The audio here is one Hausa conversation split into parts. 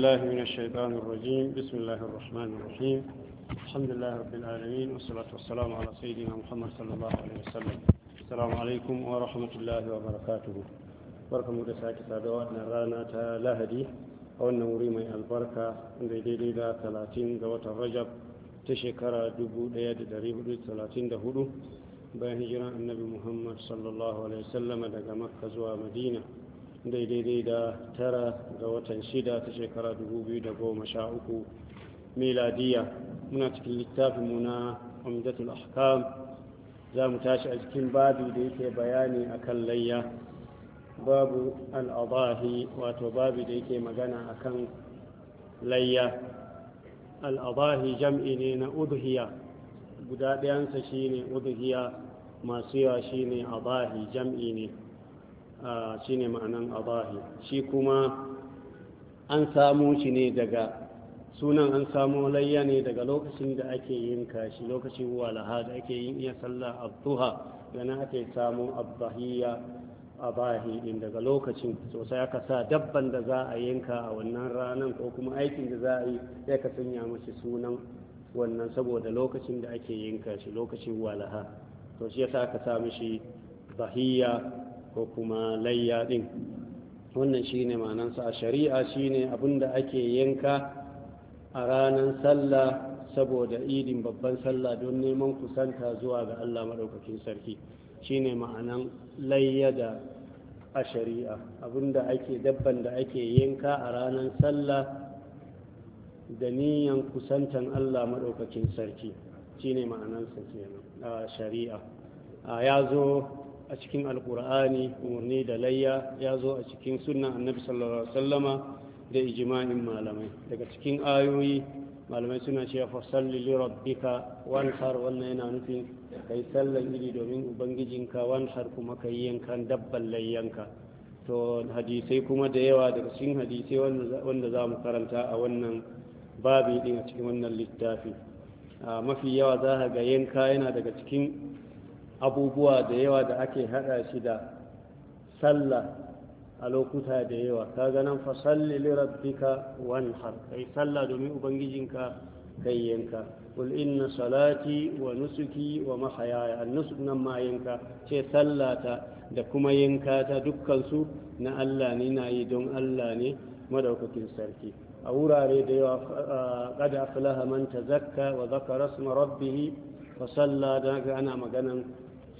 الله من الشيطان الرجيم بسم الله الرحمن الرحيم الحمد لله رب العالمين والصلاة والسلام على سيدنا محمد صلى الله عليه وسلم السلام عليكم ورحمة الله وبركاته بركة مدساك سادوات نرانا تلاهدي أولنا مريمي البركة عند ديدي دا ثلاثين قوة الرجب تشكرا دبو دياد دريب دي ثلاثين دهدو بين هجرة النبي محمد صلى الله عليه وسلم دقا مكة زوا مدينة daidai da tara ga watan shida ta shekara 2013 miladiya muna cikin littafinmu na amdatul ahkam za mu tashi a cikin babu da yake bayani akan layya babu al'adahi wato babu da yake magana akan layya al'adahi jam'i ne na udhiya guda ɗayansa shine udhiya masu yawa shi ne adahi jam'i ne shi ne ma'anan abahi shi kuma an samu shi ne daga sunan an samu layya ne daga lokacin da ake yin kashi lokacin walaha da ake yin iya sallah abduha gana ake samu abahiyya abahi ɗin daga lokacin sosai aka sa dabban da za a yanka a wannan ranar ko kuma aikin da za a yi sai ka sanya mashi sunan wannan saboda lokacin da ake yanka shi lokacin walaha to shi yasa aka sa mishi bahiya ko kuma layya ɗin wannan shi ne manansa a shari'a shi ne abinda ake yanka a ranar sallah saboda idin babban sallah don neman kusanta zuwa ga allah maɗaukakin sarki shi ne ma'anan layya da a shari'a abinda ake dabban da ake yanka a ranar sallah da niyan kusantan allah maɗaukakin sarki shi ne ma'anansa kenan a shari'a ya zo a cikin alkur'ani umarni da layya ya zo a cikin sunan annabi sallallahu alaihi wasallama da ijma'in malamai daga cikin ayoyi malamai suna cewa fasalli li rabbika har wannan yana nufin kai sallan iri domin ubangijinka har kuma kai yankan dabban layyanka to hadisai kuma da yawa daga cikin hadisai wanda za mu karanta a wannan babi din a cikin wannan littafi mafi yawa za ga yanka yana daga cikin abubuwa da yawa da ake hada shi da sallah a lokuta da yawa ka ganin fasalli lirabbika wanhar kai sallah domin ubangijinka kai yanka qul inna salati wa nusuki wa mahayaya an-nusuk nan ma yanka ce sallata da kuma yanka ta dukkan su na Allah ne na yi don Allah ne madaukakin sarki a wurare da yawa kada aflaha man tazakka wa zakara isma rabbih fa salla da ana maganan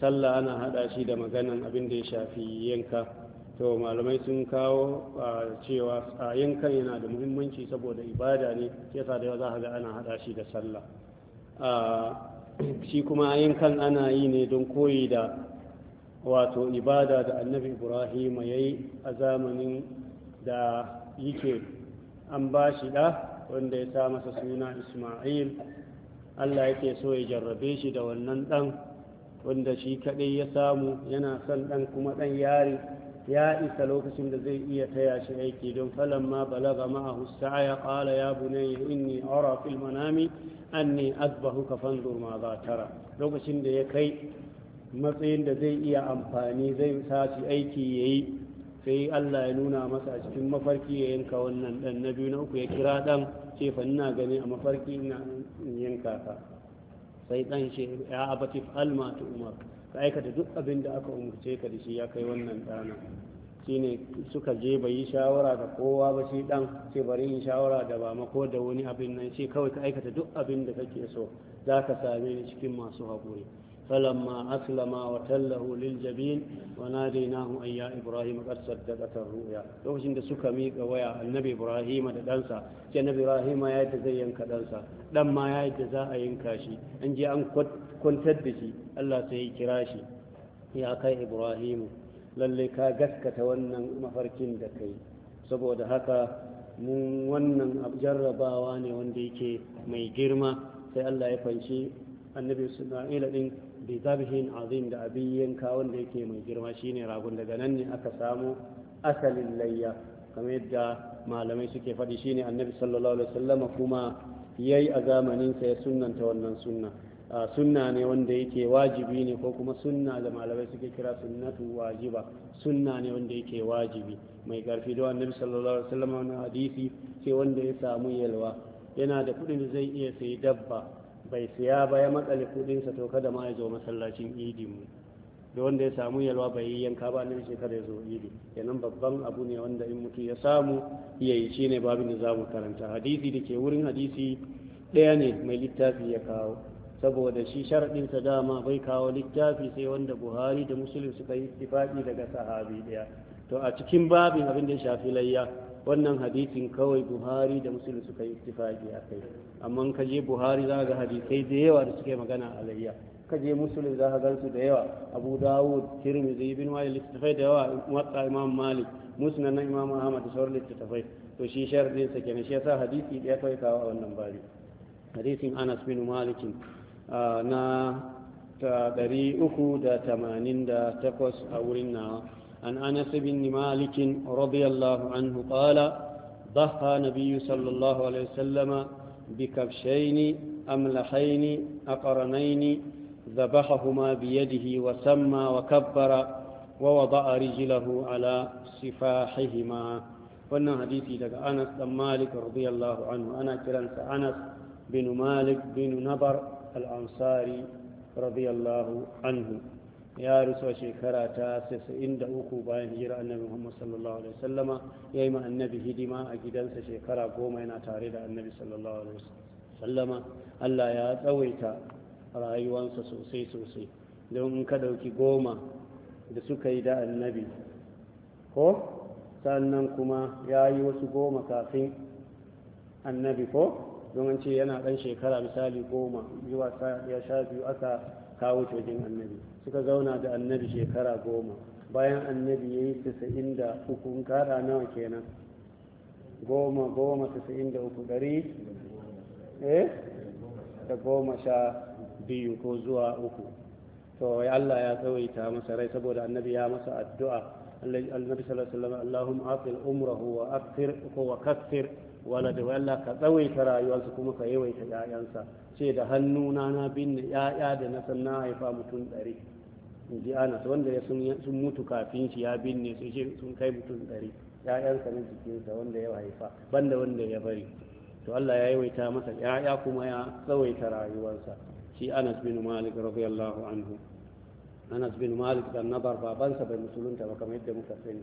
sallah ana hada shi da maganan abin da ya shafi yanka to malamai sun kawo cewa a yankan yana da muhimmanci saboda ibada ne yasa da za ga ana hada shi da sallah shi kuma yankan ana yi ne don koyi da wato ibada da annabi ibrahim yayi a zamanin da yake an ba shi ɗa wanda ya sa masa suna ismail allah yake so ya jarrabe shi da wannan ɗan wanda shi kaɗai ya samu yana son ɗan kuma ɗan yari ya isa lokacin da zai iya taya shi aiki don falon ma balaga ma'ahu sa'aya kala ya ya inni ara fil manami anni azbahu ka fanzur ma za tara lokacin da ya kai matsayin da zai iya amfani zai shi aiki yayi sai Allah ya nuna masa a cikin mafarki ya yanka wannan dan na biyu na uku ya kira ɗan ce fa ina gani a mafarki ina yanka ka sai dan shi ya abati alma tu umar ka aikata duk abin da aka umurce ka da shi ya kai wannan dana shine suka je bai yi shawara da kowa ba shi dan ce bari yin shawara da ba ko da wani abin nan shi kawai ka aikata duk abin da kake so za ka same ni cikin masu haƙuri فلما أسلم وتله للجبين وناديناه أن يا إبراهيم Ibrahim صدقت الرؤيا لوكشن da suka miƙa waya annabi Ibrahim da ɗansa ce annabi Ibrahim ya yadda zai yanka ɗansa ɗan ma ya yadda za a yanka shi an je an kwantar da shi Allah sai kira shi ya kai Ibrahim lalle ka gaskata wannan mafarkin da kai saboda haka mun wannan jarrabawa ne wanda yake mai girma sai Allah ya fanshi annabi Isma'ila ɗin. bi zabihin azim da abin yanka wanda yake mai girma shine ragon daga nan ne aka samu asalin layya kamar yadda malamai suke faɗi shine annabi sallallahu alaihi wasallam kuma yayi a zamanin sa ya sunnanta wannan sunna sunna ne wanda yake wajibi ne ko kuma sunna da malamai suke kira sunnatu wajiba sunna ne wanda yake wajibi mai karfi da annabi sallallahu alaihi wasallam wannan hadisi sai wanda ya samu yalwa yana da kuɗin da zai iya sayi dabba bai siya ba ya matsale kudinsa to kada ma ya zo masallacin idi mu da wanda ya samu yalwa bai yi yanka ba nan shekara ya zo idi kenan babban abu ne wanda in mutum ya samu ya yi shi ne babin da za mu karanta hadisi da ke wurin hadisi ɗaya ne mai littafi ya kawo saboda shi sharaɗinsa dama bai kawo littafi sai wanda buhari da musulun suka yi istifaɗi daga sahabi ɗaya to a cikin babin abin da ya shafi layya wannan hadisin kawai buhari da musulun suka yi tufaji a kai amma ka je buhari za ga hadisai da yawa da suke magana a layya ka je musulun za ka gansu da yawa abu dawud zai bin wani littattafai da yawa matsa imam malik musnad na imam ahmad da sauran littafai to shi sharadin sa kenan shi yasa hadisi hadithi ya kawai kawo a wannan bari hadisin anas bin malik ah, na ta 388 a wurin nawa عن أنس بن مالك رضي الله عنه قال ضحى نبي صلى الله عليه وسلم بكبشين أملحين أقرنين ذبحهما بيده وسمى وكبر ووضع رجله على سفاحهما وانا حديثي لك أنس بن مالك رضي الله عنه أنا كرنس أنس بن مالك بن نبر الأنصاري رضي الله عنه ya rusu a shekara ta uku bayan hijira annabi Muhammad sallallahu alaihi wasallama ya yi ma annabi hidima a gidansa shekara goma yana tare da annabi sallallahu alaihi wasallama Allah ya tsawaita rayuwansa sosai sosai don in ka ɗauki goma da suka yi da annabi ko sannan kuma ya yi wasu goma kafin annabi ko don an ce yana ɗan shekara misali goma zuwa ya sha biyu aka kawo cojin annabi suka zauna da annabi shekara goma bayan annabi ya yi tasa'in da hukun kada nawa kenan goma goma tasa'in da uku ɗari eh da goma sha biyu ko zuwa uku to Allah ya tsawaita masa rai saboda annabi ya masa addu'a annabi sallallahu alaihi wasallam afil umrahu wa akthir wa kathir walada wa Allah ka tsawaita rayuwarsa kuma ka yawaita 'ya'yansa ce da hannuna na binne 'ya'ya da na san na haifa mutum ɗari ji anas wanda ya sun mutu kafin shi ya binne su shi sun kai mutum ɗari ƴaƴansa na jikinsa wanda ya haifa banda wanda ya bari to Allah ya yawaita masa 'ya'ya kuma ya tsawaita rayuwarsa shi anas bin malik radiyallahu anhu anas bin malik dan nabar babansa bai musulunta ba kamar yadda muka sani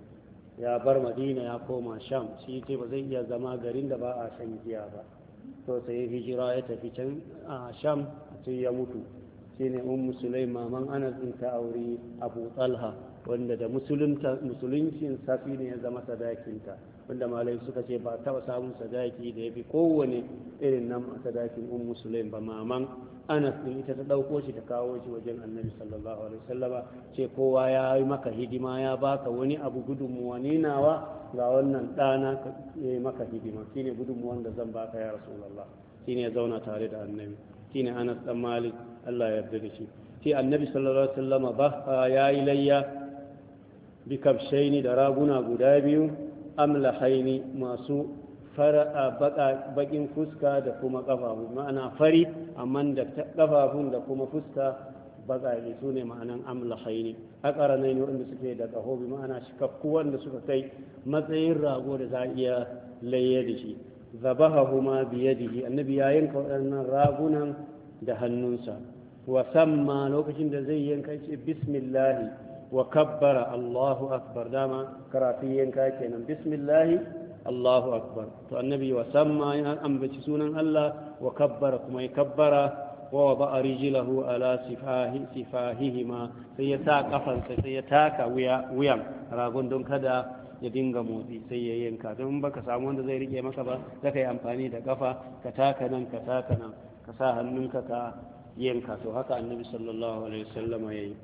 ya bar madina ya koma sham shi ce ba zai iya zama garin da ba a shan giya ba to sai hijira ya tafi can a sham sai ya mutu shine ummu sulaima man ana ta aure abu talha wanda da musuluncin safi ne ya zama sadakinta wanda malai suka ce ba taba samun sadaki da ya fi kowane irin nan sadakin ummu musulun ba maman anas din ita ta dauko shi ta kawo shi wajen annabi sallallahu alaihi wasallama ce kowa ya yi maka hidima ya baka wani abu gudunmuwa ninawa nawa ga wannan dana ya yi maka hidima shine gudunmuwan da zan baka ya rasulullah shine ya zauna tare da annabi shine anas dan malik Allah ya yarda da shi ce annabi sallallahu alaihi wasallam ba ya yi layya bi kabshaini da raguna guda biyu amlahaini masu fara bakin fuska da kuma kafafu ma'ana fari amma da kafafun da kuma fuska baƙaƙe su ne ma'anan amlahaini a ƙaranai ne wanda suke da ƙaho bi ma'ana shikakku wanda suka kai matsayin rago da za a iya layye da shi zabaha huma biyadihi annabi ya yanka waɗannan ragunan da hannunsa wa samma lokacin da zai yanka ce bismillahi wa kabbara Allahu akbar dama karatun yanka kenan bismillahi Allahu akbar to annabi wa samma ya ambaci sunan Allah wa kabbara kuma ya kabbara wa wada rijlahu ala sifahi sai ya sa kafansa sai ya taka wuyan ragon don kada ya dinga motsi sai ya yanka don baka samu wanda zai rike maka ba zaka yi amfani da kafa ka taka nan ka taka nan ka sa hannunka ka yanka to haka annabi sallallahu alaihi wasallama yayi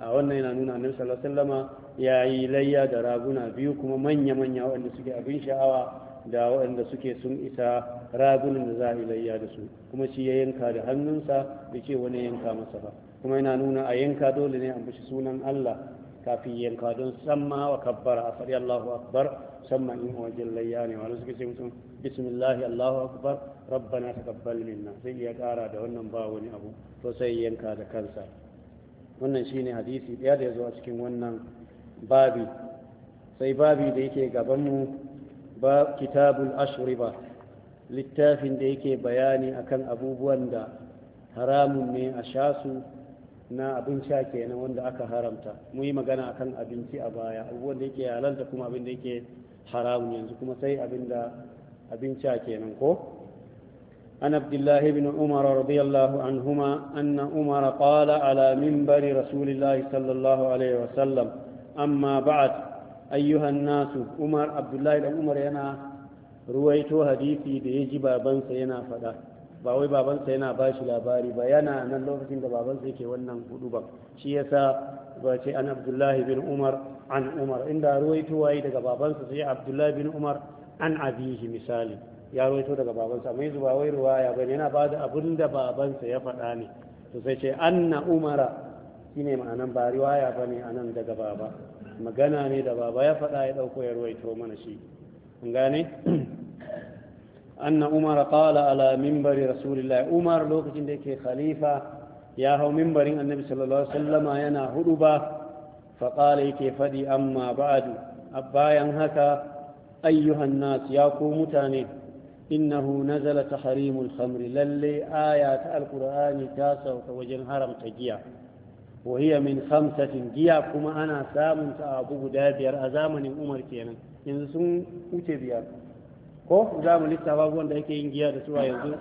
a wannan yana nuna annabi sallallahu alaihi wasallama yayi layya da raguna biyu kuma manya manya waɗanda suke abin sha'awa da waɗanda suke sun isa ragunan da za a yi layya da su kuma shi ya yanka da hannunsa da ce wani yanka masa ba kuma yana nuna a yanka dole ne a bushi sunan Allah kafin yanka don samma wa kabbara a faɗi Allahu akbar samma in wa jallayya ne wani suka ce mutum bismillahi Allahu akbar rabbana taqabbal minna sai ya kara da wannan ba wani abu to sai yanka da kansa wannan shine hadisi ɗaya da ya zo a cikin wannan babi sai babi da yake gaban mu ba kitabul ashriba littafin da yake bayani akan abubuwan da haramun ne a sha su na abin sha kenan wanda aka haramta mun yi magana akan abinci a baya abubuwan da yake halalta kuma abin da yake haramun yanzu kuma sai abin da abin sha kenan ko an abdullahi bin umar radiyallahu anhuma anna umar qala ala minbari rasulillah sallallahu alaihi wa sallam amma ba'd ayyuha nasu umar abdullahi dan umar yana ruwaito hadisi da yaji babansa yana faɗa ba wai babansa yana ba shi labari ba yana nan lokacin da babansa yake wannan hudu ba shi yasa ba ce an abdullahi bin umar an umar inda ruwaito waye daga babansa sai abdullahi bin umar an abihi misali ya ruwaito daga babansa mai zuba ba wai ruwaya ba yana ba da abin da babansa ya faɗa ne to sai ce anna umara shine ma'anan ba riwaya ba ne anan daga baba magana ne da baba ya faɗa ya ɗauko ya ruwaito mana shi gane أن عمر قال على منبر رسول الله عمر لوك جندك خليفة يا هو منبر النبي صلى الله عليه وسلم ينا هدبة فقال كيف دي أما بعد أبايا هكا أيها الناس ياكو متاني إنه نزل تحريم الخمر للي آيات القرآن تاسع وجن هرم تجيا وهي من خمسة جيا كما أنا سام تأبو دابير أزامن أمر كينا ينزل سن أتبيا ko za mu lissafa abubuwan da yake yin giya da su a yanzu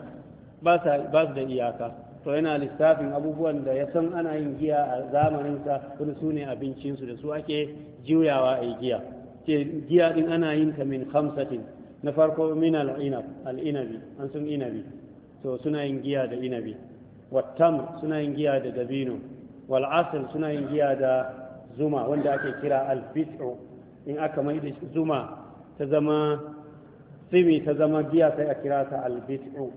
ba su da iyaka to yana lissafin abubuwan da ya san ana yin giya a zamaninsa wani su ne abincinsu da su ake juyawa a giya ce giya din ana yin ta min hamsatin na farko min al'inab al'inabi an sun inabi to suna yin giya da inabi wattam suna yin giya da dabino wal suna yin giya da zuma wanda ake kira al in aka mai da zuma ta zama tsimi ta zama giya sai a kira ta albit'u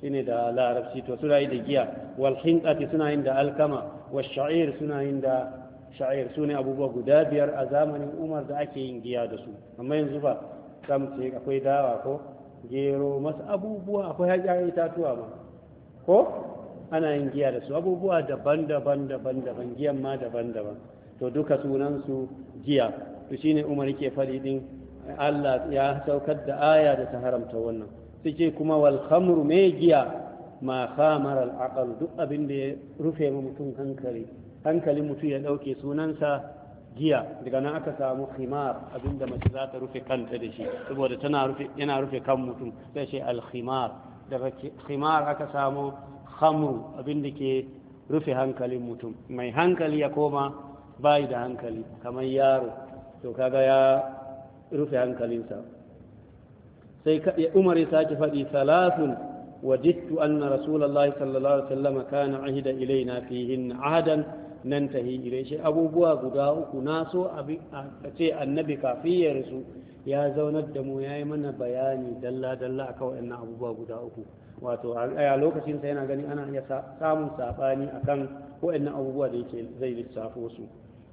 shine da larabci to suna yi da giya wal hinqati suna yin da alkama wa sha'ir suna yin da sha'ir sune abubuwa guda biyar a zamanin Umar da ake yin giya da su amma yanzu ba kam ce akwai dawa ko gero masu abubuwa akwai hajjar itatuwa ma ko ana yin giya da su abubuwa daban-daban daban-daban giyan ma daban-daban to duka sunansu giya to shine Umar yake faɗi din Allah ya saukar da aya da ta haramta wannan suke kuma wal khamru mai giya ma khamara al aqal duk abin da ya rufe ma mutum hankali hankali mutum ya dauke sunansa giya daga nan aka samu khimar abin da mace za ta rufe kanta da shi saboda tana rufe yana rufe kan mutum sai shi al khimar daga khimar aka samu khamru abin da ke rufe hankalin mutum mai hankali ya koma bai da hankali kamar yaro to kaga ya rufe hankalinsa sai umar ya sake faɗi salasun wajittu anna rasulullahi sallallahu alaihi wasallam kana ahida ilaina fihin ahadan nan tahi ilai shi abubuwa guda uku na so a ce annabi kafiyar su ya zaunar da mu ya yi mana bayani dalla-dalla a kawai na abubuwa guda uku wato a lokacinsa yana gani ana iya samun saɓani a kan abubuwa da yake zai lissafo su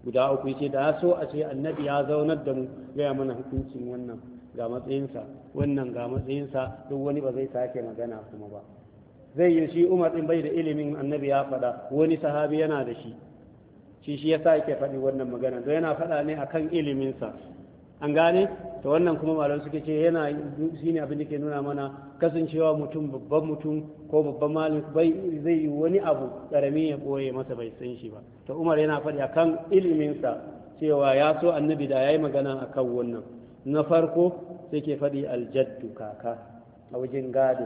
guda uku yace da so a ce annabi ya zaunar da mu gaya mana hukuncin wannan ga matsayinsa wannan ga matsayinsa duk wani ba zai sake magana kuma ba zai yi shi umar din bai da ilimin annabi ya faɗa wani sahabi yana da shi shi shi ya sake faɗi wannan magana don yana faɗa ne akan iliminsa an gane Ta wannan kuma malam suke ce yana shi ne abin da ke nuna mana kasancewa mutum babban mutum ko babban malin bai zai yi wani abu karami ya boye masa bai san shi ba Ta umar yana faɗi a kan iliminsa cewa ya so annabi da ya yi magana a akan wannan na farko sai ke faɗi aljaddu kaka a wajen gado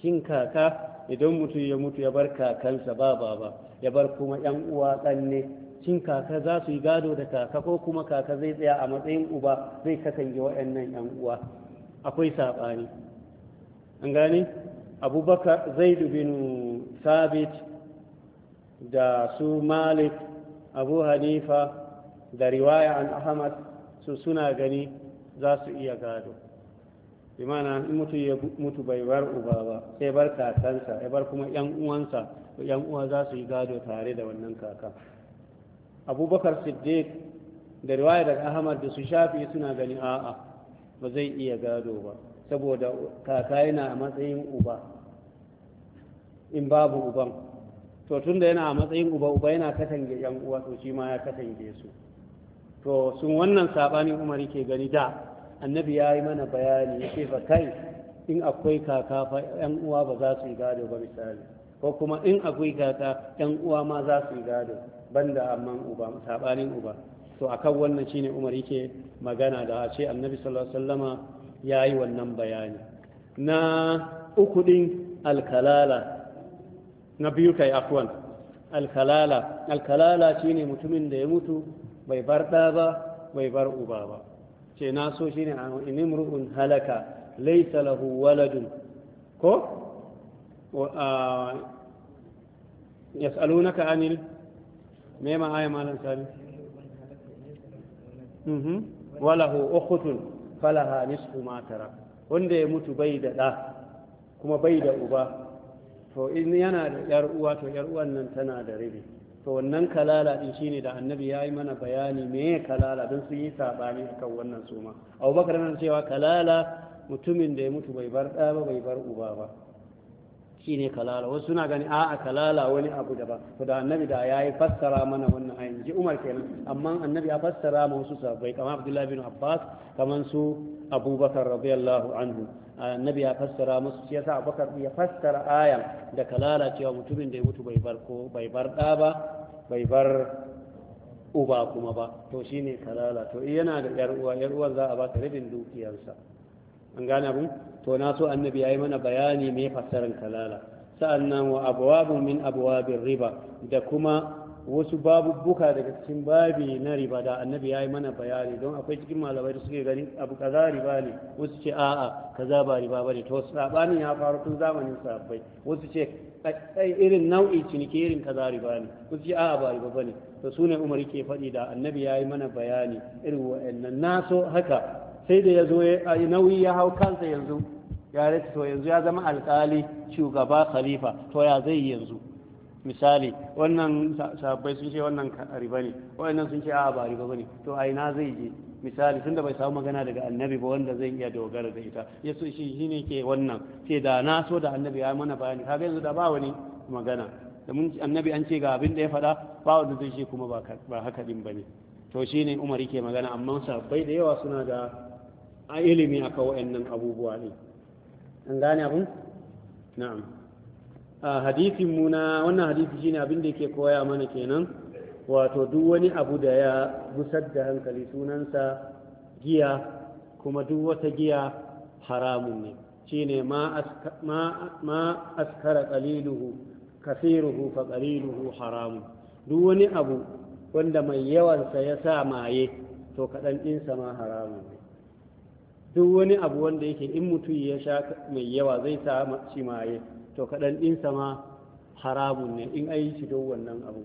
shin kaka idan mutum ya mutu ya bar kakansa ba ba ba ya bar kuma yan uwa tsanne shin kaka za su yi gado da kaka ko kuma kaka zai tsaya a matsayin uba zai kasance waɗannan 'yan uwa akwai saɓani an gane abubakar zai bin sabit da su malik abu hanifa da riwaya an ahmad su suna gani za su iya gado imana in mutu ya mutu bai bar uba ba sai bar kakansa ya bar kuma 'yan uwansa 'yan uwa za su yi gado tare da wannan kaka. abubakar siddiq da riwaya daga ahmad da su shafi suna gani a'a ba zai iya gado ba saboda kaka yana a matsayin uba in babu uban to tun da yana a matsayin uba uba yana katange yan uwa to shi ma ya katange su to sun wannan sabani umar ke gani da annabi ya yi mana bayani ya ce fa kai in akwai kaka fa yan uwa ba za su yi gado ba misali ko kuma in akwai kaka yan uwa ma za su yi gado banda amman uba sabanin uba to akan wannan shine Umar yake magana da ce Annabi sallallahu alaihi wasallama yayi wannan bayani na uku din alkalala na biyu kai afwan alkalala alkalala shine mutumin da ya mutu bai bar da ba bai bar uba ba ce na so shine in imru'un halaka laysa lahu waladun ko yas'alunaka anil me ma aya malam sami mhm walahu ukhtun falaha nisfu ma tara wanda ya mutu bai da da kuma bai da uba to in yana da yar uwa to yar uwan nan tana da rabi to wannan kalala din shine da annabi yayi mana bayani me kalala don sun yi sabani akan wannan suma abubakar nan cewa kalala mutumin da ya mutu bai bar ɗa ba bai bar uba ba shi ne kalala wasu suna gani a'a kalala wani abu ba to da annabi da yayi fassara mana wannan ayin ji Umar kenan amma annabi ya fassara ma wasu bai kamar Abdullah bin Abbas kamar su Abubakar radiyallahu anhu annabi ya fassara musu shi yasa Abubakar ya fassara ayan da kalala cewa mutumin da ya mutu bai bar ko bai bar da ba bai bar uba kuma ba to shine kalala to yana da yar uwa yar uwa za a ba ta rabin dukiyarsa an gane abun to na so annabi ya yi mana bayani mai fassarar kalala sa'annan wa abuwabu min abwabin riba da kuma wasu babubuka daga cikin babi na riba da annabi ya yi mana bayani don akwai cikin malamai da suke gani abu kaza riba ne wasu ce a'a kaza ba riba ba ne to sabanin ya faru tun zamanin sahabbai wasu ce irin nau'i ciniki irin kaza riba ne wasu ce a'a ba riba ba ne to sune umar ke faɗi da annabi ya yi mana bayani irin wa'annan na so haka sai da ya zo nauyi ya hau kansa yanzu ya rasa to yanzu ya zama alkali shugaba khalifa to ya zai yanzu misali wannan sabbai sun ce wannan riba ne wannan sun ce a ba riba bane to a ina zai je misali tunda bai samu magana daga annabi ba wanda zai iya dogara da ita yaso shi shine ke wannan ce da na so da annabi ya mana bayani kaga yanzu da ba wani magana da mun annabi an ce ga abin da ya faɗa ba wanda zai ce kuma ba haka din bane to shine Umar yake magana amma sabbai da yawa suna da ilimi akan wa'annan abubuwa ne an gane abin? na'am a hadisin muna wannan hadisi shine abin da yake koya mana kenan wato duk wani abu da ya gusar da hankali sunansa giya kuma duk wata giya haramun ne shi ma ma askara kaliluhu kasiruhu fa kaliluhu haramun duk wani abu wanda mai yawansa ya sa maye to kaɗan ɗinsa ma haramun ne duk wani abu wanda yake in mutum ya sha mai yawa zai sa shi maye to kaɗan ɗinsa ma haramun ne in ayi shi don wannan abu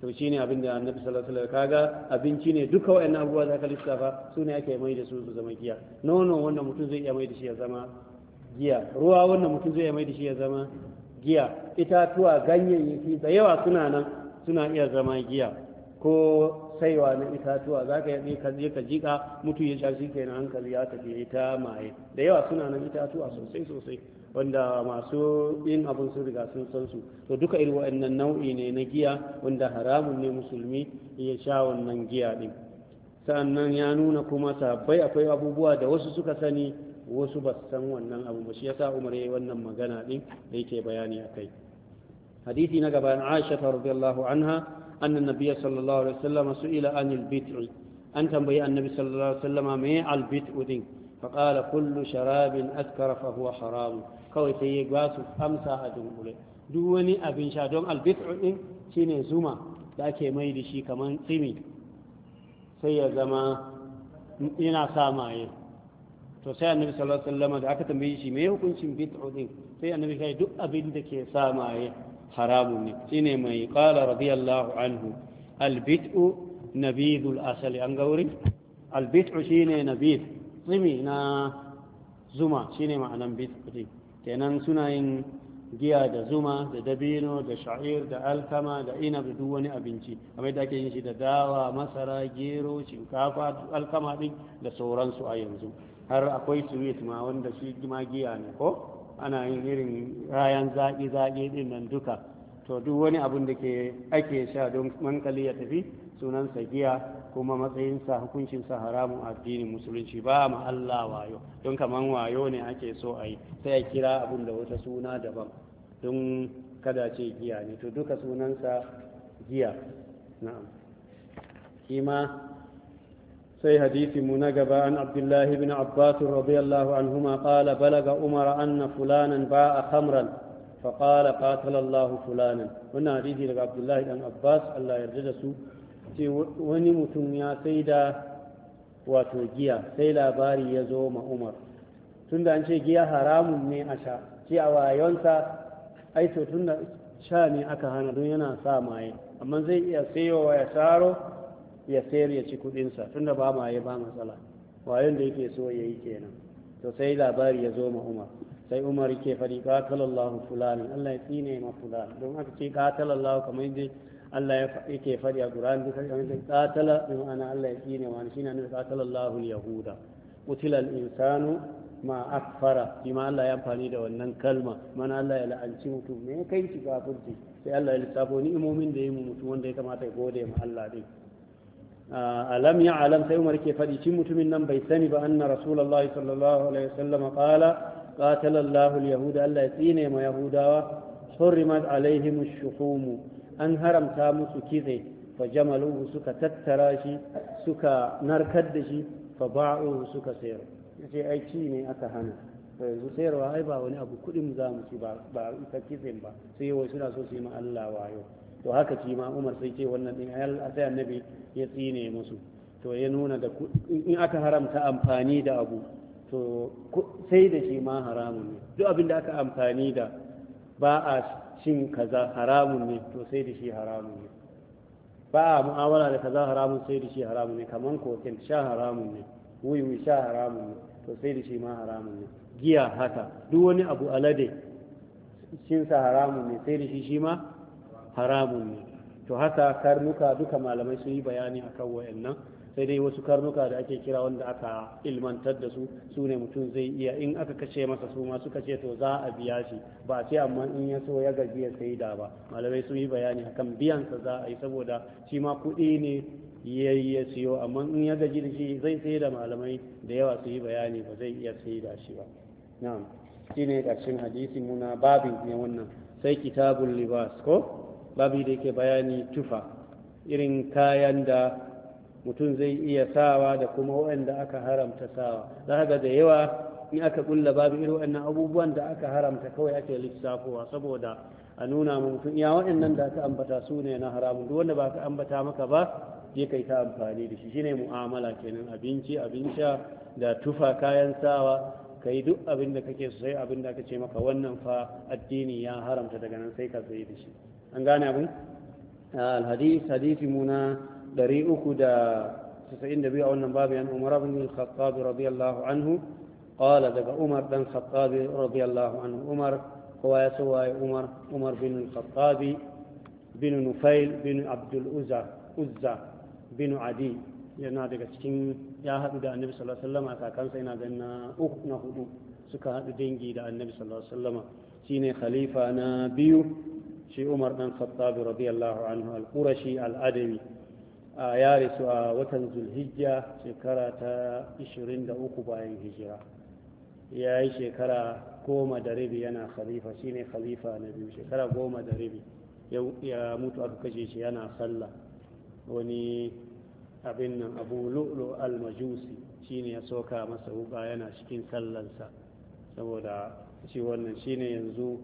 to shi ne abin da annabi sallallahu alaihi kaga abinci ne duka wayannan abubuwa za ka lissafa su ne ake mai da su su zama giya nono wanda mutum zai iya mai da shi ya zama giya ruwa wanda mutum zai iya mai da shi ya zama giya itatuwa ganyayyaki da yawa suna nan suna iya zama giya ko saiwa na itatuwa za ka yi ka ka jiƙa mutu ya sha shi kenan hankali ya tafi ta maye da yawa suna nan itatuwa sosai sosai wanda masu yin abin sun riga sun san su to duka irin wa'annan nau'i ne na giya wanda haramun ne musulmi ya sha wannan giya din sannan ya nuna kuma sabbai akwai abubuwa da wasu suka sani wasu ba su san wannan abu ba shi yasa umar yayi wannan magana ɗin da yake bayani akai hadisi na gaba gaban Aisha radiyallahu anha أن النبي صلى الله عليه وسلم سئل عن البتع أن تنبي النبي صلى الله عليه وسلم ما البتع دين فقال كل شراب أسكر فهو حرام كوي سيقواس أمسا أدن أولي دواني أبن شادون البتع دين شين زما لكي ما يدشي كمان سيمي سيزما yana sa maye to sai annabi sallallahu alaihi wasallam da aka tambaye shi me hukuncin bid'u din sai annabi sai duk abin da ke sa maye haramun ne shine mai ƙala radiyallahu anhu albit'u nabidul asali an gauri albit'u shine nabid tsimi na zuma shine ma'anan bit'u din kenan suna yin giya da zuma da dabino da sha'ir da alkama da inab da duk wani abinci kamar da ake yin shi da dawa masara gero shinkafa alkama din da sauransu a yanzu har akwai sweet ma wanda shi ma giya ne ko ana yin irin rayan zaƙi-zaƙi ɗin nan duka to duk wani abin da ke ake sha don mankali ya tafi sunansa giya kuma matsayin sa hukuncin sa haramun addinin musulunci ba ma Allah wayo don kaman wayo ne ake so a yi sai a kira abin da wata suna daban don kada ce giya ne to duka sunansa giya na'am kima في حديث منقب عن عبد الله بن عباس رضي الله عنهما قال بلغ عمر أن فلانا باع خمرا فقال قاتل الله فلانا هنا حديث عبد الله بن عباس الله يرجسه wani mutum ya saida wato giya sai labari ya zo ma umar tunda an ce giya haramun ne a sha ce a wayonsa aito tunda sha ne aka hana don yana sa maye amma zai iya sayowa ya saro ya sayar ya ci kudinsa tunda ba ma ya ba matsala wayan da yake so ya yi kenan to sai labari ya zo ma umar sai umar yake faɗi qatalallahu fulani Allah ya tsine ma fulani don haka ce qatalallahu kamar dai Allah yake faɗi a Qur'an duka kamar dai qatala bi ma'ana Allah ya tsine ma shine ne qatalallahu al-yahuda qutila al-insanu ma akfara shi ma Allah ya amfani da wannan kalma mana Allah ya la'anci mutum me kai shi kafirci sai Allah ya lissafo imomin da ya yi mutum wanda ya kamata ya gode ma Allah dai. alam ya alam sai umar ke faɗi shi mutumin nan bai sani ba anna rasulullahi sallallahu alaihi wasallam qala qatala Allahu al-yahuda Allah ya tsine ma yahudawa hurrimat alaihim ash-shuhum an haramta musu kitse fa jamaluhu suka tattara shi suka narkar da shi fa ba'uhu suka sayar yace ai ci ne aka hana yanzu sayarwa ai ba wani abu kudin za mu ci ba ba ita ba sai wai suna so su yi ma Allah wayo to haka shi ma umar sai ce wannan din sai annabi ya tsine musu to ya nuna da in aka haramta amfani da abu to sai da shi ma haramun ne duk abin da aka amfani da ba a cin kaza haramun ne to sai da shi haramun ne ba a mu'amala da kaza haramun sai da shi haramun ne kaman kokin sha haramun ne wuyi sha haramun ne to sai da shi ma haramun ne giya haka duk wani abu alade cinsa haramun ne sai da shi shi ma haramun ne to haka karnuka duka malamai sun yi bayani a akan wayannan sai dai wasu karnuka da ake kira wanda aka ilmantar da su su ne mutum zai iya in aka kashe masa su masu suka ce to za a biya shi ba a ce amma in ya so ya gaji ya sai da ba malamai sun yi bayani a akan biyansa za a yi saboda shi ma kuɗi ne ya yi siyo amma in ya gaji da shi zai sai da malamai da yawa su yi bayani ba zai iya sai da shi ba na'am shine ƙarshen hadisi muna babin ne wannan sai kitabul libas ko babu da yake bayani tufa irin kayan da mutum zai iya sawa da kuma waɗanda aka haramta sawa za ga da yawa in aka kulla babu irin waɗannan abubuwan da aka haramta kawai ake lissafowa saboda a nuna mutum ya waɗannan da aka ambata su ne na haramun duk wanda ba ka ambata maka ba je kai ta amfani da shi shine mu'amala kenan abinci abin sha da tufa kayan sawa kai duk abin da kake so sai abin da aka ce maka wannan fa addini ya haramta daga nan sai ka sai da shi an gane abin alhadis hadisi muna 392 a wannan babu yan umar ibn al-khattab radiyallahu anhu qala daga umar dan khattab radiyallahu anhu umar kowa ya sowa umar umar bin al-khattab bin nufail bin abdul uzza uzza bin adi yana daga cikin ya haɗu da annabi sallallahu alaihi wasallam a kakansa yana ganin na uku na hudu suka haɗu dangi da annabi sallallahu alaihi wasallam shine khalifa na biyu shi umar ɗan khattabi radiyallahu anhu al-qurashi a a ya rasu a watan zulhijja shekara ta 23 bayan hijira ya yi shekara goma da rabi yana khalifa shi ne khalifa na biyu shekara goma da rabi ya mutu aka kashe shi yana sallah wani abin nan abu lu'lu al-majusi ne ya soka masa wuka yana cikin sallansa saboda shi wannan shi ne yanzu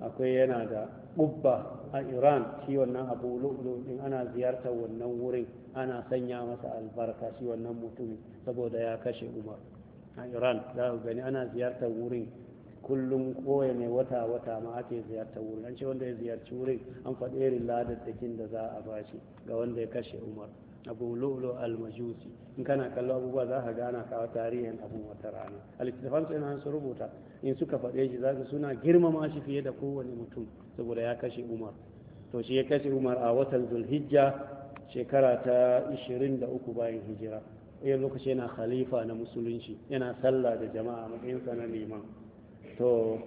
akwai yana da ƙubba a iran shi wannan abu lu'lu din ana ziyartar wannan wurin ana sanya masa albarka shi wannan mutumin saboda ya kashe umar a iran za ku gani ana ziyartar wurin kullum koya ne wata wata ma ake ziyartar wurin an ce wanda ya ziyarci wurin an faɗi irin ladar da za a bashi ga wanda ya kashe umar abu lulu almajusi in kana kallo abubuwa za ka gana kawo tarihin abun wata rana alittafan su su rubuta in suka faɗe shi za su suna girmama shi fiye da kowane mutum saboda ya kashe umar to shi ya kashe umar a watan zulhijja shekara ta 23 bayan hijira iya lokaci yana khalifa na musulunci yana sallah da jama'a matsayinsa na neman to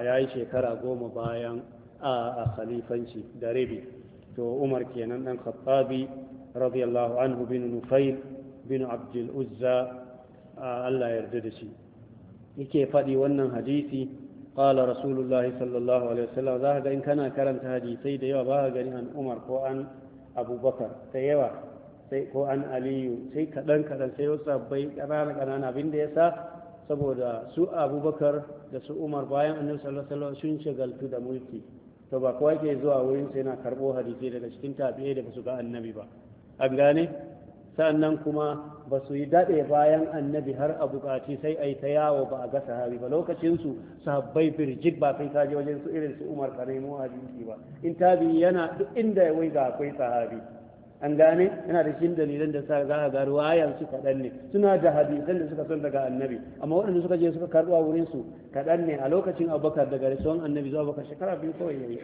ya yi shekara goma bayan a khalifanci da rabi to umar kenan dan khattabi رضي الله عنه بن نفيل بن عبد الأزى الله يرددشي yake faɗi wannan hadisi ƙala rasulullahi sallallahu alaihi wasallam za ga in kana karanta hadisai da yawa ba ka gani an umar ko an abubakar da yawa sai ko an aliyu sai kaɗan kaɗan sai wasu sabbai ƙanana ƙanana abin da ya sa saboda su abubakar da su umar bayan annabi sallallahu alaihi wasallam sun shagaltu da mulki to ba kowa ke zuwa wurin sai na karɓo hadisai daga cikin tabi'ai da ba su ga annabi ba an gane sannan kuma ba su yi daɗe bayan annabi har a buƙaci sai a yi ta yawo ba a ga sahabi ba lokacinsu sahabbai birjik ba kai kaji wajen su irin su umar karemu hadisi ba in tabi yana duk inda ya wai ga akwai sahabi an gane yana da shi dalilan da sa za a ga ruwayan su kaɗan ne suna da hadisan da suka son daga annabi amma waɗanda suka je suka karɓa wurin su kaɗan ne a lokacin abubakar daga rasuwan annabi zuwa Abubakar shekara biyu kawai yayi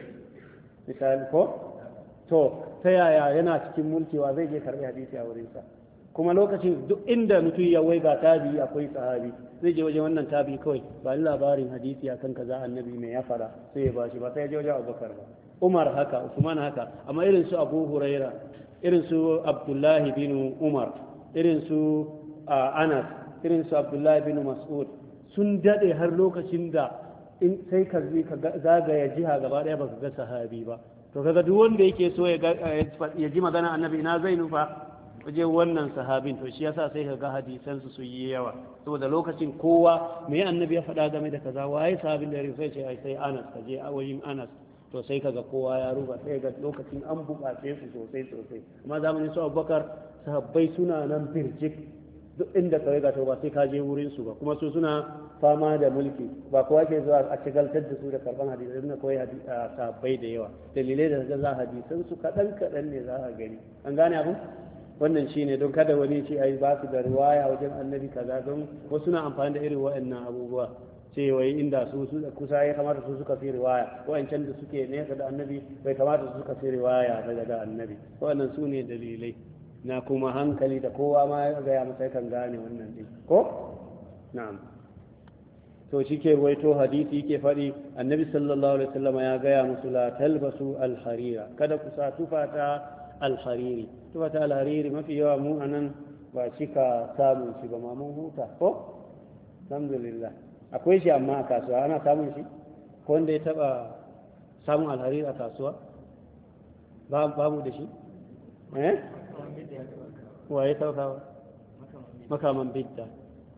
misali to ta yaya yana cikin mulkewa zai je karbi hadisi a wurinsa kuma lokacin duk inda mutum ya wai ba tabi akwai sahabi zai je waje wannan tabi kawai ba ni labarin hadisi a akan kaza annabi mai ya fara sai ya bashi ba sai ya je wajen abubakar ba umar haka usman haka amma irin su abu huraira irin su abdullahi bin umar irin su anas irin su abdullahi bin mas'ud sun daɗe har lokacin da in sai ka zagaya jiha gaba daya baka ga sahabi ba to kaga duk wanda yake so ya ji magana annabi ina zai nufa waje wannan sahabin to shi yasa sai kaga hadisan su su yi yawa saboda lokacin kowa me annabi ya faɗa game da kaza waye sahabin da sai ce ai sai Anas kaje a wajen Anas to sai kaga kowa ya ruba sai ga lokacin an buƙace su sosai sosai amma zamanin su Abubakar sahabbai suna nan birjik duk inda ka riga ba sai ka je wurin su ba kuma su suna fama da mulki ba kowa ke zuwa a cigaltar da su da karban hadisi na a sabai da yawa dalilai da ga za hadisan su kaɗan kaɗan ne za a gani an gane abu wannan shine don kada wani ce ai ba su da riwaya wajen annabi kaza don wasu na amfani da irin waɗannan abubuwa wai inda su kusa ya kamata su suka fi riwaya wa'ancan da suke nesa da annabi bai kamata su suka fi riwaya daga annabi waannan su ne dalilai na kuma hankali da kowa ma ya gaya masa kan gane wannan din ko na'am to shi ke to hadisi yake faɗi annabi sallallahu alaihi wasallam ya gaya musu la talbasu alharira kada ku sa tufata alhariri tufata alhariri mafi yawa mu anan ba cika samun shi ba mamun huta ko alhamdulillah akwai shi amma a kasuwa ana samun shi ko wanda ya taba samun alhariri a kasuwa ba mu da shi eh wa ya saukawa makaman bidda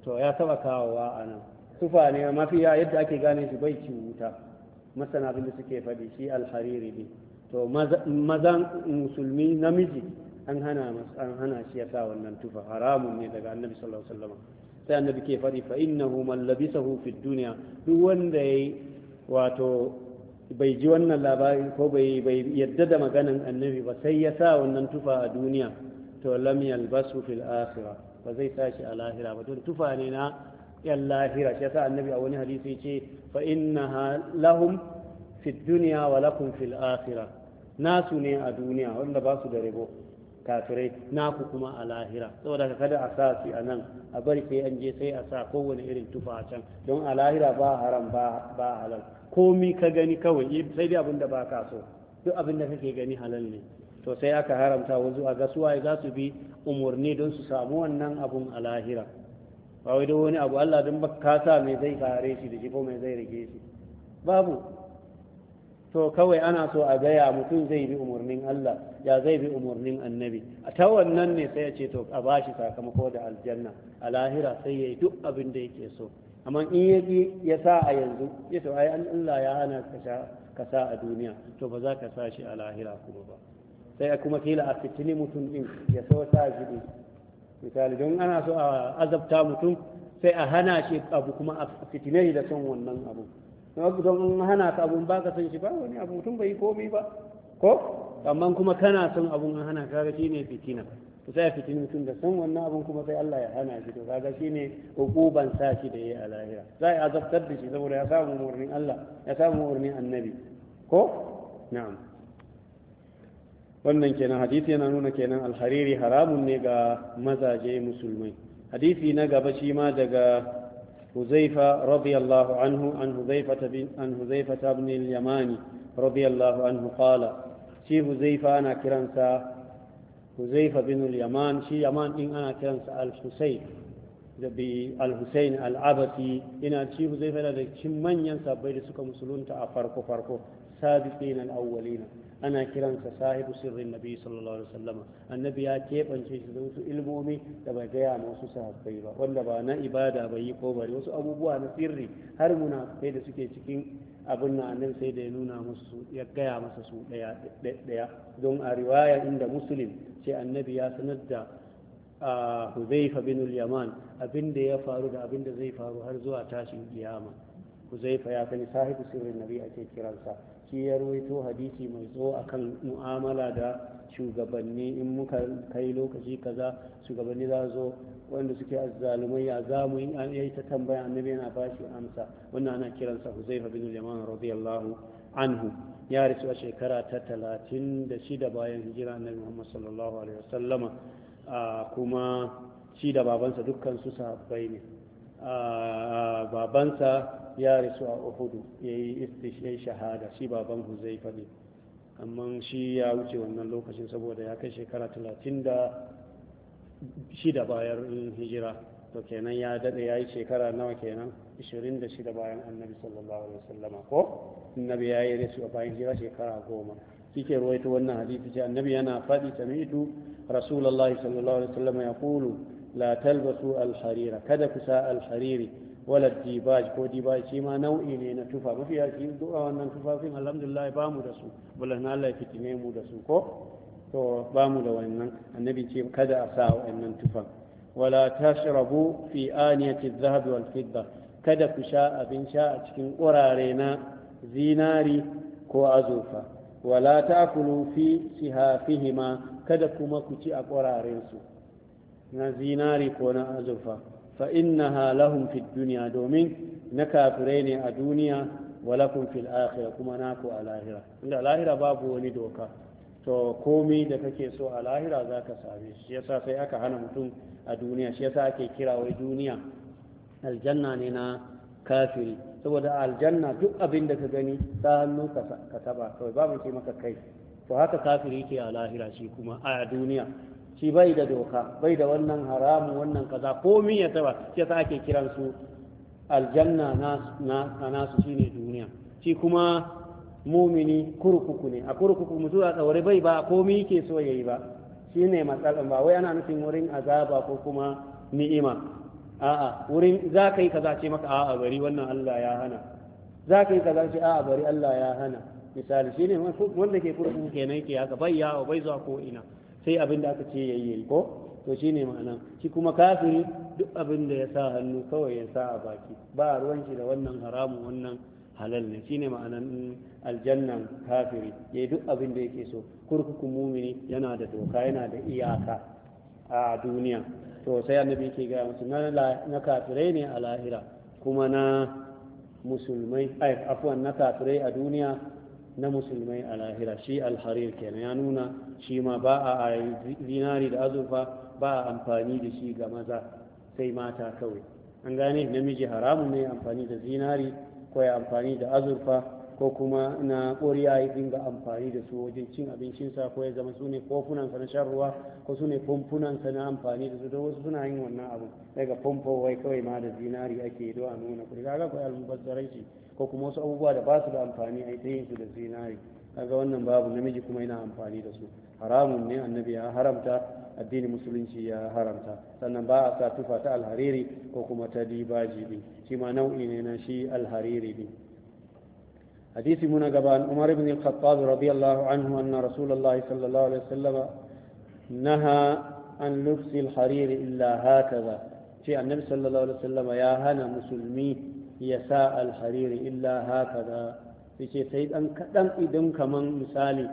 to ya taba kawowa a nan sufa ne mafiya yadda ake gane shi bai ci wuta masana abin da suke faɗi shi alhariri ne to mazan musulmi namiji an hana shi ya sa wannan tufa haramun ne daga annabi sallallahu alaihi wasallam sai annabi ke faɗi fa innahu man labisahu fid Duniya, duk wanda yayi wato bai ji wannan labarin ko bai yadda da maganan annabi ba sai ya sa wannan tufa a duniya to lam yalbasu fil akhira ba zai tashi a lahira ba don tufa ne na yan lahira shi yasa annabi a wani hadisi ce fa innaha lahum fid dunya wa lakum fil nasu ne a duniya wanda ba su da rabo kafirai naku kuma a lahira saboda ka kada a sa su a nan a bari sai an je sai a sa kowane irin tufa a can don a lahira ba haram ba halal komi ka gani kawai sai dai abin da ba ka so duk abin da kake gani halal ne to sai aka haramta wa a ga suwaye za su bi umarni don su samu wannan abun a lahira ba wai da wani abu Allah don ka sa mai zai kare shi da shi ko mai zai rage shi babu to kawai ana so a gaya mutum zai bi umarnin Allah ya zai bi umarnin annabi a ta wannan ne sai ya ce to a bashi sakamako da aljanna a lahira sai ya yi duk abin da yake so amma in ya ya sa a yanzu ya to ai Allah ya hana ka sa a duniya to ba za ka sa shi a lahira kuma ba sai kuma kila a fitini mutum din ya so sa jiɗi misali don ana so a azabta mutum sai a hana shi abu kuma a fitine da son wannan abu don an hana ka abun ba ka son shi ba wani abu mutum bai yi komai ba ko amma kuma kana son abun an hana ka ga shine fitina ku sa fitin mutum da san wannan abin kuma sai Allah ya hana shi to kaga shine hukuban sa shi da yayi a lahira sai azabtar da shi saboda ya samu murnin Allah ya samu murnin annabi ko na'am wannan kenan hadisi yana nuna kenan alhariri haramun ne ga mazaje musulmai hadisi na gaba shi ma daga huzaifa radiyallahu anhu an huzaifata bin an huzaifata ibn al-yamani radiyallahu anhu qala shi huzaifa ana kiransa huzaifa bin yaman shi yaman din ana kiransa al-husayn da bi al-husayn al-abasi ina ci huzaifa da cikin manyan sabbai da suka musulunta a farko farko sabiqin al-awwalina ana kiransa sahibu sirrin nabi sallallahu alaihi wasallama annabi ya keɓance shi da wasu ilmomi da bai gaya ma wasu sahabbai ba wanda ba na ibada ba yi ko bari wasu abubuwa na sirri har munafikai da suke cikin abin na annabi sai da ya nuna musu ya gaya masa su daya daya don a riwaya inda muslim ce annabi ya sanar da huzaifa bin yaman abin da ya faru da abin da zai faru har zuwa tashin kiyama huzaifa ya sani sahibu sirrin nabi ake kiransa shi ya rawaito hadisi mai tsawo akan mu'amala da shugabanni in muka kai lokaci kaza shugabanni za zo wanda suke azzalumai ya zamu yi an yi ta tambaya annabi yana bashi amsa wannan ana kiransa Huzaifa bin Yaman radiyallahu anhu ya rasu a shekara ta 36 bayan hijira annabi Muhammad sallallahu alaihi wasallama kuma shi da babansa dukkan su sahabbai ne babansa ya rasu a Uhud yayi shahada shi baban Huzaifa ne amma shi ya wuce wannan lokacin saboda ya kai shekara talatin da shida bayan hijira to kenan ya daɗe ya yi shekara nawa kenan ishirin da shida bayan annabi sallallahu alaihi wasallama ko annabi ya yi rasu a bayan hijira shekara goma kike ruwaito wannan hadisi ce annabi yana faɗi sami'tu rasulullahi sallallahu alaihi wasallama ya kulu la talbasu alharira kada ku sa alhariri wala dibaj ko dibaj shi ma nau'i ne na tufa mafi yaki du'a wannan tufafin alhamdulillah ba mu da su bulan Allah ya fitine mu da su ko to ba mu da wannan annabi ce kada a sa wannan tufan wala tashrabu fi aniyati adh-dhahab wal fidda kada ku sha abin sha a cikin ƙurare na zinari ko azufa wala ta'kulu fi sihafihima kada kuma ku ci a ƙurarensu na zinari ko na azufa fa innaha lahum fid dunya domin na kafirai ne a duniya walakun fil akhirah kuma naku a lahira inda lahira babu wani doka to komai da kake so a lahira za ka same shi sa sai aka hana mutum a duniya shi sa ake kira wai duniya aljanna ne na kafiri saboda aljanna duk abin da ka gani ta hannu ka taba kawai babu ce maka kai to haka kafiri ke a lahira shi kuma a duniya shi bai da doka bai da wannan haramu wannan kaza komi ya taba shi yasa ake kiran su aljanna na nasu shine duniya shi kuma mumini kurkuku ne a kurkuku mutu a tsaure bai ba komi yake so yayi ba shine matsalan ba wai ana nufin wurin azaba ko kuma ni'ima a'a wurin za ka yi kaza ce maka a'a bari wannan Allah ya hana za ka yi kaza ce a'a bari Allah ya hana misali shine wanda ke kurkuku kenan ke haka bai yawo bai zuwa ko ina sai abin da aka ce ya yi ko to shi ma'ana shi kuma kafiri duk abin da ya sa hannu kawai ya sa a baki ba a ruwan shi da wannan haramun wannan halal ne shine ma'anan aljannan kafiri ya yi duk abin da yake so kurkukun mumini yana da doka yana da iyaka a duniya to sai annabi ke gaya musu na kafirai ne a lahira kuma na musulmai ai afwan na kafirai a duniya na musulmai a lahira shi alharir kenan ya nuna shi ma ba a zinari da azurfa ba a amfani da shi ga maza sai mata kawai an gane namiji haramun ne amfani da zinari ko ya amfani da azurfa ko kuma na ƙoriya ya dinga amfani da su wajen cin abincinsa ko ya zama su ne kofunansa na shan ruwa ko su ne fomfunansa na amfani da su da wasu suna yin wannan abu daga fomfo wai kawai ma da zinari ake do a nuna kuɗi kaga ko almubazzarai ko kuma wasu abubuwa da ba su da amfani a ta yin su da zinari kaga wannan babu namiji kuma yana amfani da su haramun ne annabi ya haramta addinin musulunci ya haramta sannan ba a sa tufa ta alhariri ko kuma ta dibaji din shi ma nau'i ne na shi alhariri din hadisi muna gaba an umar ibn al-khattab radiyallahu anhu anna rasulullahi sallallahu alaihi wasallam naha an lubsi al illa hakaza ce annabi sallallahu alaihi wasallam ya hana musulmi ya sa alhariri illa haka da ce sai ɗan kaɗan idan kamar misali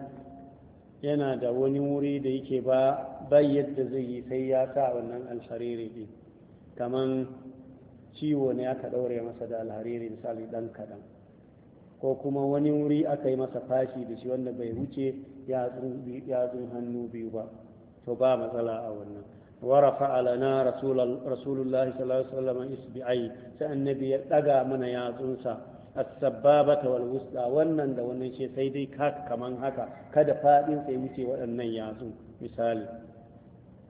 yana da wani wuri da yake ba bai yadda zai yi sai ya sa wannan alhariri ɗin kamar ciwo ne aka ɗaure masa da alhariri misali ɗan kaɗan ko kuma wani wuri aka yi masa fashi da shi wanda bai wuce yatsun hannu biyu ba to ba matsala a wannan ورفع لنا رسول, رسول الله صلى الله عليه وسلم إسبعي النبي لقى من يا يازنسا السبابة والوسطى ونن da wannan ce sai dai ka kaman haka kada fadin sai wuce waɗannan yatsu misali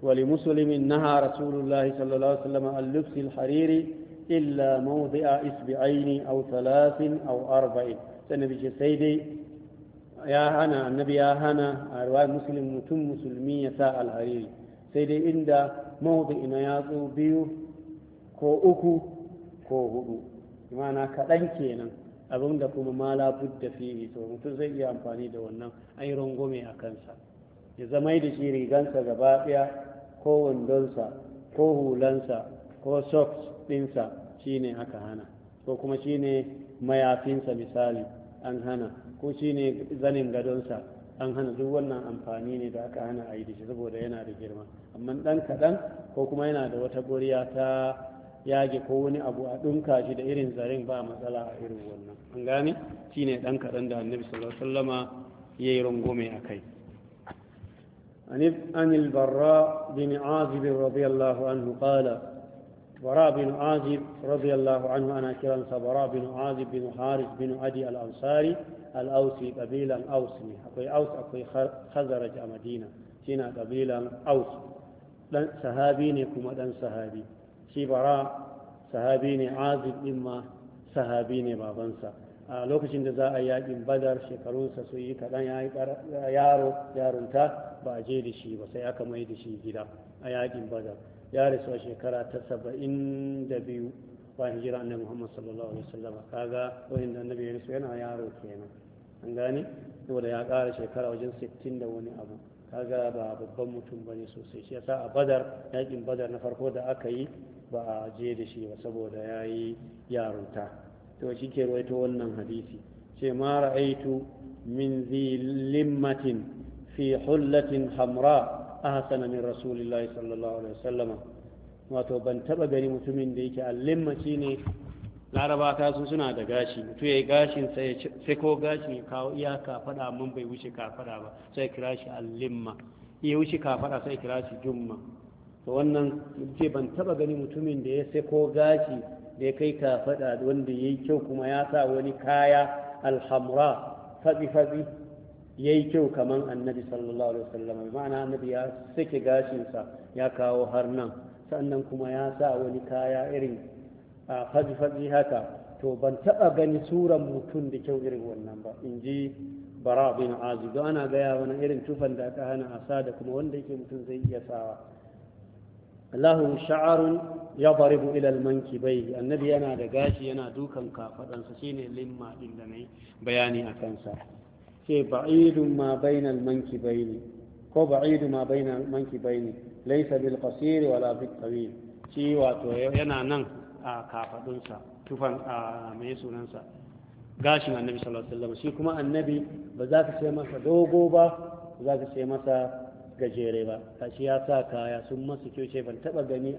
ولمسلم نهى رسول الله صلى الله عليه وسلم عن لبس الحرير إلا موضع إسبعين أو ثلاث أو أربع النبي سيدي يا هنا النبي يا هنا رواية مسلم متم مسلمية الحرير sai dai inda mawuzi na yatsu biyu ko uku ko hudu imana kaɗan kenan abin da kuma ma labud da fiye to mutum zai iya amfani da wannan ai rangome a kansa ya zama da shi rigansa gaba ɗaya ko wandonsa ko hulansa ko socks ɗinsa shine aka hana ko kuma shine mayafinsa misali an hana ko shine zanin gadonsa an hana duk wannan amfani ne da aka hana a yi da shi saboda yana da girma amma dan kaɗan ko kuma yana da wata guriya ta yage ko wani abu a ɗinka shi da irin zarin ba matsala a irin wannan an gane shi ne ɗan kaɗan da annabi sallallahu alaihi wasallama ya yi rungume a kai عن البراء بن عازب رضي الله عنه براء بن عازب رضي الله عنه أنا كرم براء بن عازب بن حارث بن أدي الأنصاري الأوسي قبيلا أوسني أقوي أوس أقوي خزرج مدينة شنا قبيلا أوس لن سهابيني كما دن سهابي شي براء sahabi ne azib din ma sahabi ne babansa a lokacin da za a yaƙin badar shekarunsa su kaɗan ya yaro yarunta ba a je da shi ba sai aka mai shi gida a yaƙin badar ya rasu a shekara ta saba'in da biyu bayan hijira annabi muhammad sallallahu alaihi wasallam kaga wayin da annabi ya rasu yana yaro kenan an gane saboda ya ƙara shekara wajen sittin da wani abu kaga ba babban mutum bane sosai shi yasa a badar yakin badar na farko da aka yi ba a je da shi ba saboda ya yi yarunta to shi ke rawaito wannan hadisi ce ma ra'aitu min zillimmatin fi hullatin hamra ahsana min rasulillahi sallallahu alaihi wasallam wato ban taba gani mutumin da yake allimmaci ne laraba ka sun suna da gashi mutum ya yi gashin sai ko gashin ya kawo iya kafaɗa mun bai wuce kafaɗa ba sai kira shi allimma iya wuce kafaɗa sai kira shi jumma to wannan ce ban taba gani mutumin da ya sai ko gashi da ya kai kafaɗa wanda ya yi kyau kuma ya sa wani kaya alhamra fadi fadi yayi kyau kamar annabi sallallahu alaihi wasallam ma'ana annabi ya sake gashinsa ya kawo har nan sannan kuma ya sa wani kaya irin a faji haka to ban taɓa gani suran mutum da kyau irin wannan ba in ji bara bin azu don ana gaya wani irin tufan da aka hana asa da kuma wanda yake mutum zai iya sawa lahu sha'arun ya baribu ilal manki bai annabi yana da gashi yana dukan kafaɗansa shine limma ɗin da na bayani a kansa ce ba'idun ma bainal manki baini ko ba'idu ma bainal manki baini laysa bil qasir wala bil tawil shi wato yana nan a kafadunsa tufan a mai sunansa gashin annabi sallallahu alaihi wasallam shi kuma annabi ba za ka ce masa dogo ba za ka ce masa gajere ba kashi ya sa kaya sun masu kyau ce ban taba gani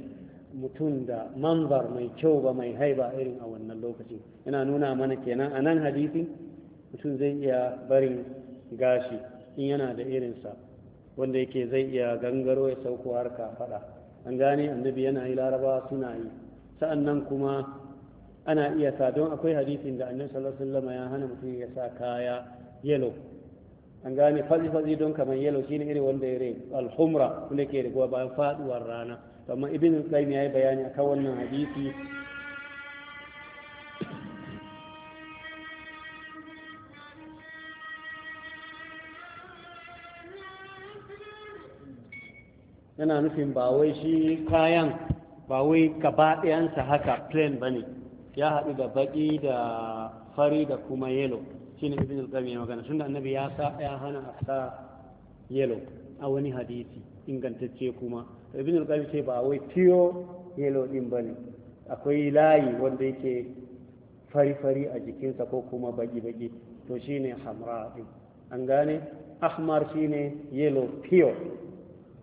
mutum da manzar mai kyau ba mai haiba irin a wannan lokacin yana nuna mana kenan a nan hadisin mutum zai iya barin gashi in yana da irinsa wanda yake zai iya gangaro ya sauko har kafaɗa an gane annabi yana yi laraba suna yi sa'annan kuma ana iya sa don akwai hadisin da annabi sallallahu alaihi wasallam ya hana mutum ya sa kaya Yalo, an gane fazi-fazi don kamar yellow shine irin wanda ya rai alhumra wanda ke rigowa bayan faduwar rana amma ibn qayyim yayi bayani akan wannan hadisi yana nufin ba wai shi kayan ba wai gaba ɗayansa haka plain ba ne ya haɗu da baƙi da fari da kuma yelo shi ne ibn al ya magana tunda annabi ya sa ya hana a sa yelo a wani hadisi ingantacce kuma ibn al ce ba wai tiyo yelo din ba ne akwai layi wanda yake fari-fari a jikinsa ko kuma baƙi baƙi to shi ne hamra an gane ahmar shi ne yelo pure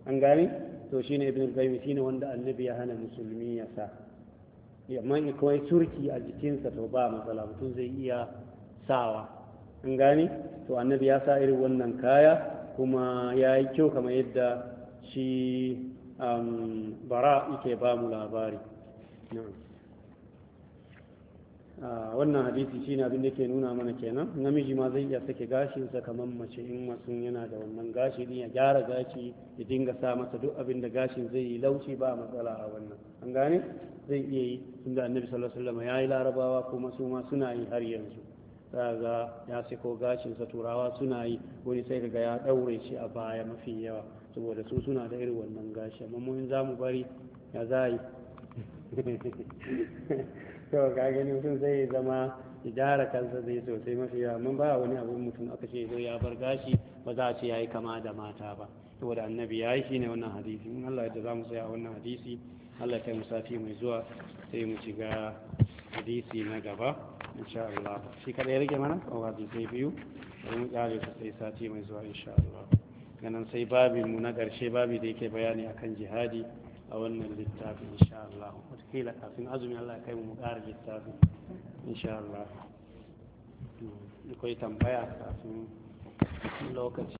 an gane to ne ibn al-qayyim ne wanda annabi ya hana musulmi ya sa amma in kawai surki a jikinsa to ba matsala mutum zai iya sawa an gane to annabi ya sa irin wannan kaya kuma ya yi kyau kamar yadda shi um, bara yake ba mu labari na'am Ah, wannan hadisi shine abin da ke nuna mana kenan namiji ma zai iya sake sa kamar mace in mutum yana da wannan gashi din ya gyara gashi ya dinga sa masa duk abin da gashin zai yi laushi ba matsala a wannan an gane zai iya yi tunda annabi sallallahu alaihi wasallam yayi larabawa kuma su ma suna yi har yanzu kaga ya sako gashinsa turawa suna yi wani sai kaga ya daure shi a baya mafi yawa saboda su suna da irin wannan gashi amma mun za mu bari ya zai kawai ka gani mutum zai zama gyara kansa zai sosai mafi yawa mun ba wani abu mutum aka ce zo ya bar gashi ba za a ce yi kama da mata ba saboda annabi ya yi shi ne wannan hadisi in Allah ya za mu tsaya wannan hadisi Allah ya mu safi mai zuwa sai mu shiga hadisi na gaba insha Allah shi kada ya rage mana ko hadisi biyu sai mu kare su sai sati mai zuwa insha Allah ganin sai babin mu na ƙarshe babi da yake bayani akan jihadi a wannan littafin insha Allah wataƙila kafin azumin Allah kai mu ƙara littafin insha Allah akwai tambaya kafin lokaci